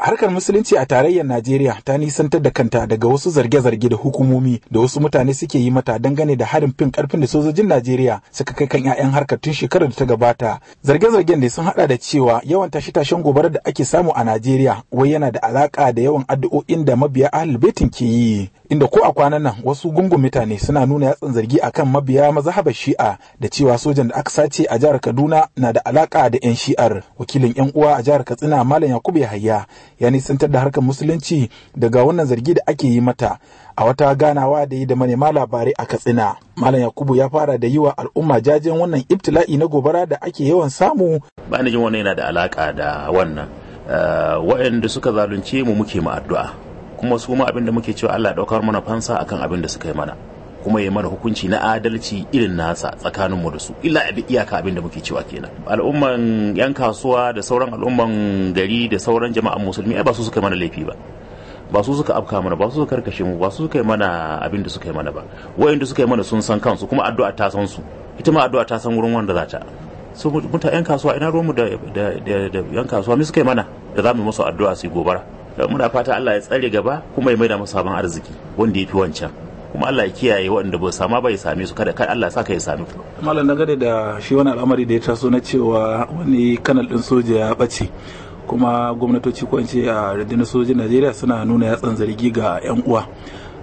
Harkar Musulunci a tarayyar Najeriya ta nisantar da kanta daga wasu zarge-zarge da hukumomi da wasu mutane suke yi mata dangane da harin fin karfin da sojojin Najeriya suka kai kan 'ya'yan harkar tun shekarar da ta gabata. Zarge-zargen da sun hada da cewa yawan tashe-tashen gobarar da ake samu a Najeriya wai yana da alaƙa da yawan addu'o'in da mabiya Ahlul ke yi. inda ko a kwanan nan wasu gungun mutane suna nuna yatsan zargi akan mabiya mazhabar shi'a da cewa sojan da aka sace a jihar kaduna na da alaka da yan shi'ar wakilin yan uwa a jihar katsina malam yakubu yahaya ya nisantar da harkar musulunci daga wannan zargi da ake yi mata a wata ganawa da yi da manema labarai a katsina malam yakubu ya fara da yi wa al'umma jajen wannan ibtila'i na gobara da ake yawan samu ba jin wannan yana da alaka da wannan eh, wayanda suka zalunce mu muke mu addu'a kuma su ma abin da muke cewa Allah daukar mana fansa akan abin da suka yi mana kuma ya mana hukunci na adalci irin nasa tsakanin mu da su illa abin iyaka abin da muke cewa kenan al'umman yan kasuwa da sauran al'umman gari da sauran jama'an musulmi ai ba su suka mana laifi ba ba su suka afka mana ba su suka karkashe mu ba su suka yi mana abin da suka yi mana ba wayanda suka yi mana sun san kansu kuma addu'a ta san su ita ma addu'a ta san wurin wanda za ta su mutan yan kasuwa ina mu da yan kasuwa mi suka yi mana da za mu musu addu'a su gobara muna fata Allah ya tsare gaba kuma ya maida musu sabon arziki wanda ya fi wancan kuma Allah ya kiyaye waɗanda ba sama ba ya same su kada kai Allah saka ya same su malam dangane da shi wani al'amari da ya taso na cewa wani kanal ɗin soja ya bace kuma gwamnatoci ko ce a rundunar sojin Najeriya suna nuna yatsan zargi ga yan uwa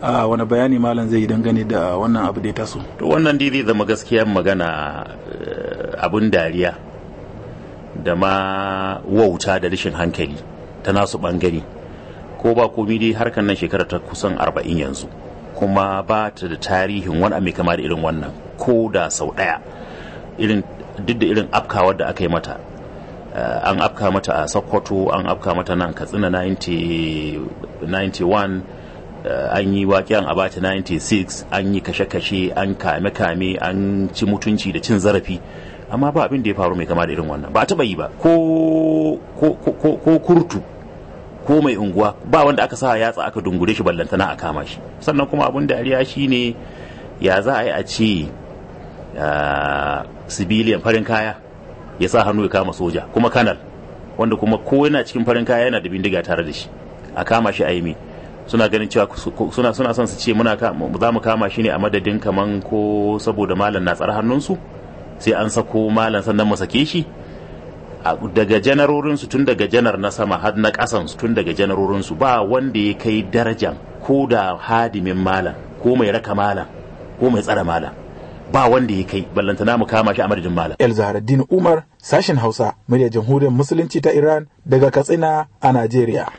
a wani bayani malam zai yi dangane da wannan abu da ya taso to wannan dai zai zama gaskiyar magana eh, abun dariya da ma wauta da rashin hankali ta nasu bangare ko ba komi dai harkar nan shekara ta kusan arba'in yanzu kuma ba ta da tarihin wani mai kama irin wannan ko da sau ɗaya irin duk da irin afkawa da aka yi mata eh, an afka mata a sokoto an afka mata nan katsina 91 eh, an yi an abata 96 an yi kashe-kashe an kame-kame an ci mutunci da cin zarafi amma ba abin da ya faru mai kama da irin wannan ba ta bayi ba ko kurtu ko mai unguwa ba wanda aka sa yatsa aka dungure shi ballantana a kama shi sannan kuma abun dariya shi ne ya za a yi a ce sibiliyan farin kaya ya sa hannu ya kama soja kuma kanal wanda kuma ko yana cikin farin kaya yana da bindiga tare da shi a kama shi a yi suna ganin cewa suna suna son su ce muna za mu kama shi ne a madadin kaman ko saboda malam na tsar hannunsu sai an sako malam sannan mu sake shi daga janarorinsu tun daga janar na sama har na ƙasansu tun daga janarorinsu ba wanda ya kai darajan ko da hadimin malam ko mai raka malam ko mai tsara malam ba wanda ya kai na mu kama shi a madadin malam. El Zaharaddin Umar sashen Hausa muryar jamhuriyar musulunci ta Iran daga Katsina a Najeriya.